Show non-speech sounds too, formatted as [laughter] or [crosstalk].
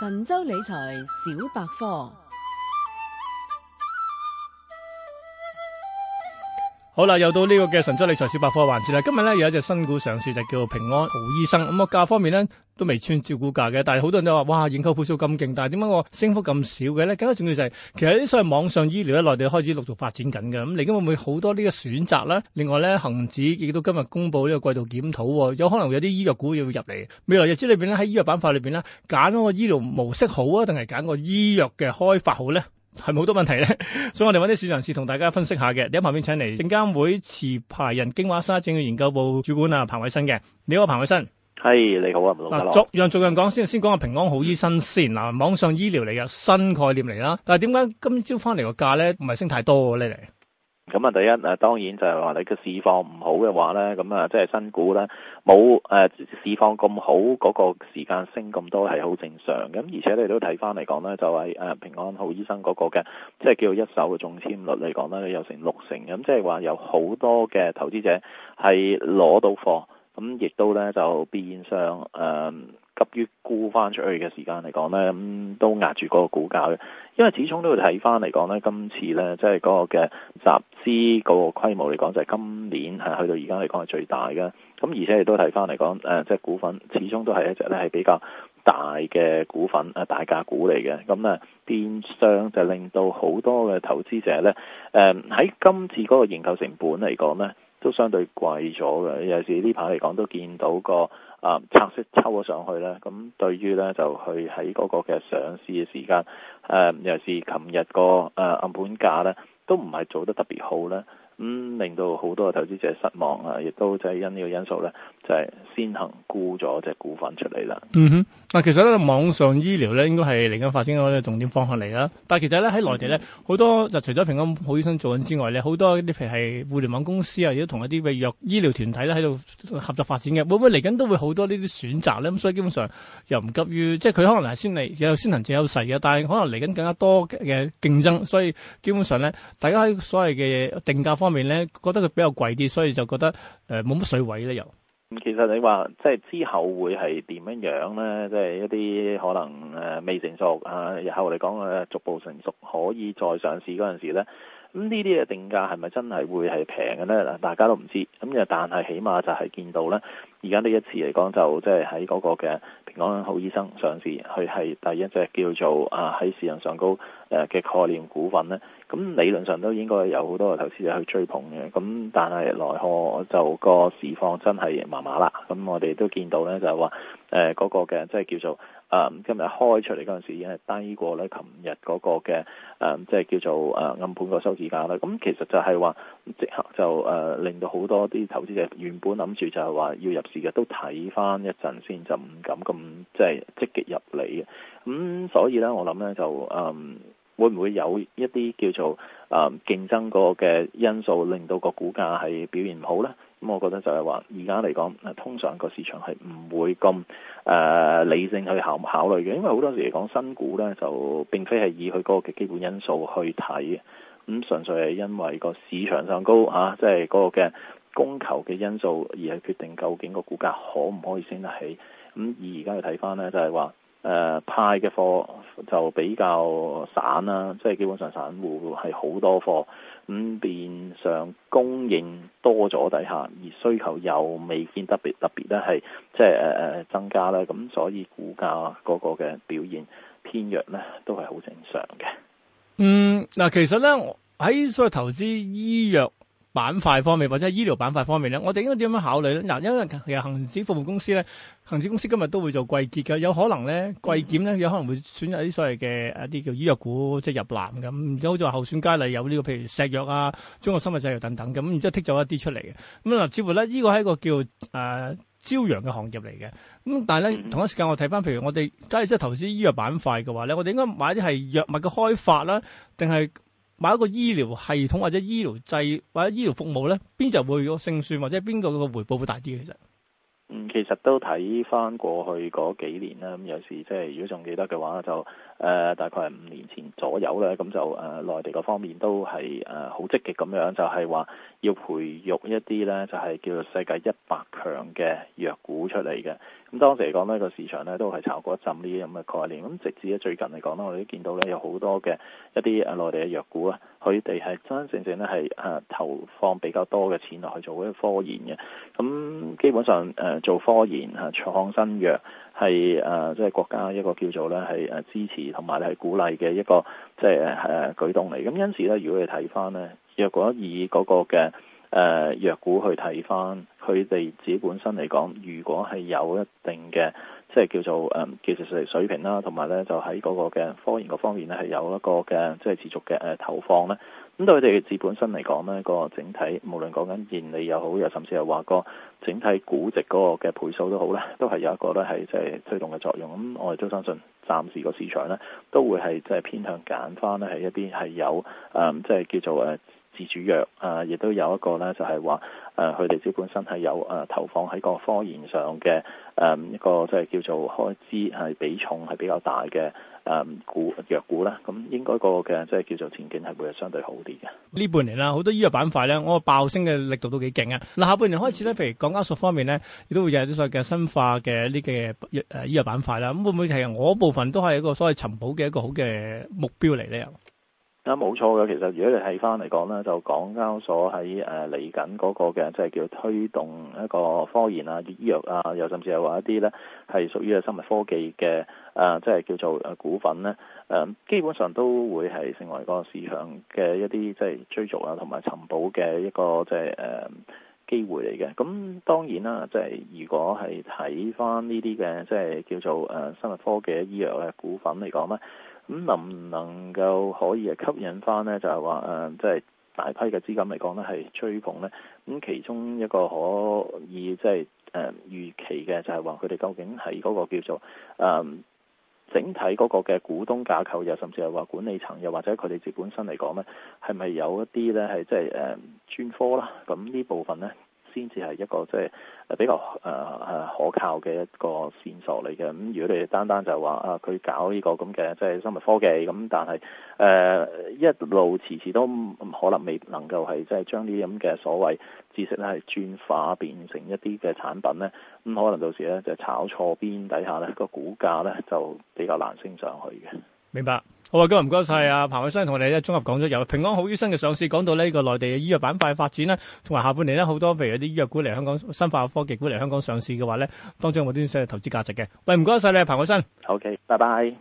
神州理財小百科。好啦，又到呢、這個嘅神州理財小百科環節啦。今日呢，有一隻新股上市，就叫做平安好醫生。咁個價方面呢，都未穿招股價嘅，但係好多人都話哇認購倍數咁勁，但係點解我升幅咁少嘅呢？更加重要就係其實呢啲所謂網上醫療喺內地開始陸續發展緊嘅。咁嚟緊會唔會好多呢個選擇啦？另外呢，恒指亦都今日公布呢個季度檢討、哦，有可能有啲醫藥股要入嚟。未來日子裏邊呢，喺醫藥板塊裏邊呢，揀個醫療模式好啊，定係揀個醫藥嘅開發好呢？係咪好多問題咧？ [laughs] 所以我哋揾啲市場人士同大家分析下嘅。你喺旁邊請嚟證監會持牌人京華山一證券研究部主管啊，彭偉新嘅。你好，偉 hey, 你好啊，彭偉新。係你好啊，吳總。嗱，逐樣逐樣講先，先講下平安好醫生先。嗱、啊，網上醫療嚟嘅新概念嚟啦。但係點解今朝翻嚟個價咧，唔係升太多咧嚟？咁啊，第一啊，當然就係話你嘅市況唔好嘅話咧，咁啊，即係新股咧冇誒市況咁好，嗰個時間升咁多係好正常。咁而且你都睇翻嚟講咧，就係誒平安好醫生嗰個嘅，即係叫做一手嘅中籤率嚟講咧，有成六成咁，即係話有好多嘅投資者係攞到貨，咁亦都咧就變相。誒、嗯。急於沽翻出去嘅時間嚟講咧，咁、嗯、都壓住嗰個股價嘅，因為始終都會睇翻嚟講咧，今次咧即係嗰個嘅集資嗰個規模嚟講，就係、是、今年係去到而家嚟講係最大嘅。咁、嗯、而且亦都睇翻嚟講，誒、呃、即係股份始終都係一隻咧係比較大嘅股份，誒大價股嚟嘅。咁、嗯、啊，變相就令到好多嘅投資者咧，誒、呃、喺今次嗰個認購成本嚟講咧。都相對貴咗嘅，尤其是呢排嚟講，都見到個啊拆息抽咗上去啦。咁對於咧就去喺嗰個嘅上市嘅時間誒、呃，尤其是琴日個誒暗盤價咧都唔係做得特別好咧。咁、嗯、令到好多嘅投資者失望啊！亦都就係因呢個因素咧，就係、是、先行沽咗隻股份出嚟啦。嗯哼，嗱，其實咧網上醫療咧，應該係嚟緊發展嘅重點方向嚟啦。但係其實咧喺內地咧，好、嗯、哼多就除咗平安好醫生做緊之外咧，好多啲譬如係互聯網公司啊，亦都同一啲嘅藥醫療團體咧喺度合作發展嘅，會唔會嚟緊都會好多呢啲選擇咧？咁所以基本上又唔急於，即係佢可能係先嚟，有先行者優勢嘅，但係可能嚟緊更加多嘅競爭，所以基本上咧，大家喺所謂嘅定價方面咧，覺得佢比較貴啲，所以就覺得誒冇乜水位咧。又其實你話即係之後會係點樣樣咧？即係一啲可能誒未成熟啊，日後我哋講嘅逐步成熟可以再上市嗰陣時咧，咁呢啲嘅定價係咪真係會係平嘅咧？啊，大家都唔知。咁又但係起碼就係見到咧。而家呢一次嚟講，就即係喺嗰個嘅平安好醫生上市，佢係第一隻叫做啊喺市場上上高誒嘅概念股份咧。咁理論上都應該有好多嘅投資者去追捧嘅。咁但係奈何就個市況真係麻麻啦。咁我哋都見到咧、呃嗰個，就係話誒嗰個嘅即係叫做啊、呃、今日開出嚟嗰陣時已經係低過咧琴日嗰個嘅誒即係叫做誒暗盤個收市價啦。咁其實就係話即刻就誒、呃、令到好多啲投資者原本諗住就係話要入。時日都睇翻一陣先，就唔敢咁即係積極入嚟嘅。咁、嗯、所以呢，我諗呢就誒、嗯，會唔會有一啲叫做誒、嗯、競爭過嘅因素，令到個股價係表現唔好呢？咁、嗯、我覺得就係話，而家嚟講，通常個市場係唔會咁誒、呃、理性去考考慮嘅，因為好多時嚟講，新股呢就並非係以佢個嘅基本因素去睇，咁、嗯、純粹係因為個市場上高啊，即係嗰個嘅。供求嘅因素而係決定究竟個股價可唔可以升得起？咁以而家去睇翻咧，就係話誒派嘅貨就比較散啦，即係基本上散戶係好多貨，咁變相供應多咗底下，而需求又未見特別特別咧係即係誒誒增加啦，咁所以股價嗰個嘅表現偏弱咧，都係好正常嘅。嗯，嗱，其實咧，喺所謂投資醫藥。板塊方面或者係醫療板塊方面咧，我哋應該點樣考慮咧？嗱，因為其實恆指服務公司咧，恆指公司今日都會做季結嘅，有可能咧季檢咧有可能會選擇啲所謂嘅一啲叫醫藥股即係入藍嘅，咁然之後就候選佳麗有呢、呢個譬如石藥啊、中國生物製藥等等嘅，咁然之後剔咗一啲出嚟嘅。咁、嗯、嗱，似乎咧呢個係一個叫誒、呃、朝陽嘅行業嚟嘅。咁、嗯、但係咧、嗯、同一時間我睇返譬如我哋假如即係投資醫藥板塊嘅話咧，我哋應該買啲係藥物嘅開發啦，定係？買一個醫療系統或者醫療製或者醫療服務咧，邊個會有勝算，或者邊個嘅回報會大啲嘅？其實，嗯，其實都睇返過去嗰幾年啦，咁有時即係如果仲記得嘅話，就誒、呃、大概係五年前左右咧，咁就誒、呃、內地嗰方面都係誒好積極咁樣，就係、是、話要培育一啲咧，就係、是、叫做世界一百強嘅藥股出嚟嘅。咁當時嚟講，呢個市場咧都係炒過一陣呢啲咁嘅概念。咁直至咧最近嚟講咧，我哋都見到咧有好多嘅一啲誒內地嘅藥股啊，佢哋係真真正正咧係誒投放比較多嘅錢落去做嗰啲科研嘅。咁基本上誒做科研啊、創新藥係誒即係國家一個叫做咧係誒支持同埋咧係鼓勵嘅一個即係誒舉動嚟。咁因此咧，如果你睇翻咧，若果以嗰個嘅誒藥、呃、股去睇翻，佢哋自己本身嚟講，如果係有一定嘅，即係叫做誒技術水水平啦，同埋咧就喺嗰個嘅科研嗰方面咧係有一個嘅，即係持續嘅誒投放咧。咁對佢哋嘅自本身嚟講咧，個整體無論講緊現利又好，又甚至係話個整體估值嗰個嘅倍數都好咧，都係有一個咧係即係推動嘅作用。咁我哋都相信，暫時個市場咧都會係即係偏向揀翻咧係一啲係有誒、呃，即係叫做誒。呃自主藥啊，亦都有一個咧，就係話誒，佢哋隻本身係有誒、啊、投放喺個科研上嘅誒、嗯、一個即係叫做開支係比重係比較大嘅誒股藥股啦。咁、嗯、應該個嘅即係叫做前景係會係相對好啲嘅。呢半年啦，好多醫藥板塊咧，我爆升嘅力度都幾勁呀。嗱，下半年開始咧，譬如廣交所方面咧，亦都會有啲所謂嘅生化嘅呢嘅醫誒醫藥板塊啦。咁會唔會係我部分都係一個所謂尋寶嘅一個好嘅目標嚟咧？啊，冇錯嘅，其實如果你睇翻嚟講咧，就港交所喺誒嚟緊嗰個嘅，即係叫推動一個科研啊、藥醫藥啊，又甚至係話一啲咧係屬於嘅生物科技嘅，誒、呃、即係叫做誒股份咧，誒、呃、基本上都會係成為個市場嘅一啲即係追逐啊同埋尋寶嘅一個即係誒、呃、機會嚟嘅。咁當然啦，即係如果係睇翻呢啲嘅，即係叫做誒生物科技醫藥嘅股份嚟講咧。咁能唔能夠可以係吸引翻咧？就係話誒，即、呃、係、就是、大批嘅資金嚟講咧，係追捧咧。咁、嗯、其中一個可以即係誒預期嘅，就係話佢哋究竟喺嗰個叫做誒、呃、整體嗰個嘅股東架構又，甚至係話管理層又或者佢哋自本身嚟講咧，係咪有一啲咧係即係誒專科啦？咁、嗯、呢部分咧，先至係一個即係比較誒誒、呃、可靠嘅一個線索嚟嘅。咁如果你單單就係話啊，佢搞呢個咁嘅即係生物科技，咁但係誒、呃、一路遲遲都可能未能夠係即係將呢啲咁嘅所謂知識咧，係轉化變成一啲嘅產品咧，咁可能到時咧就炒錯邊底下咧，個股價咧就比較難升上去嘅。明白，好啊，今日唔該晒啊，彭偉新同我哋咧綜合講咗由平安好醫生嘅上市，講到呢個內地嘅醫藥板塊嘅發展啦，同埋下半年咧好多譬如有啲醫藥股嚟香港、生化科技股嚟香港上市嘅話咧，當中有冇啲新嘅投資價值嘅？喂，唔該晒你啊，彭偉新。ok，拜拜。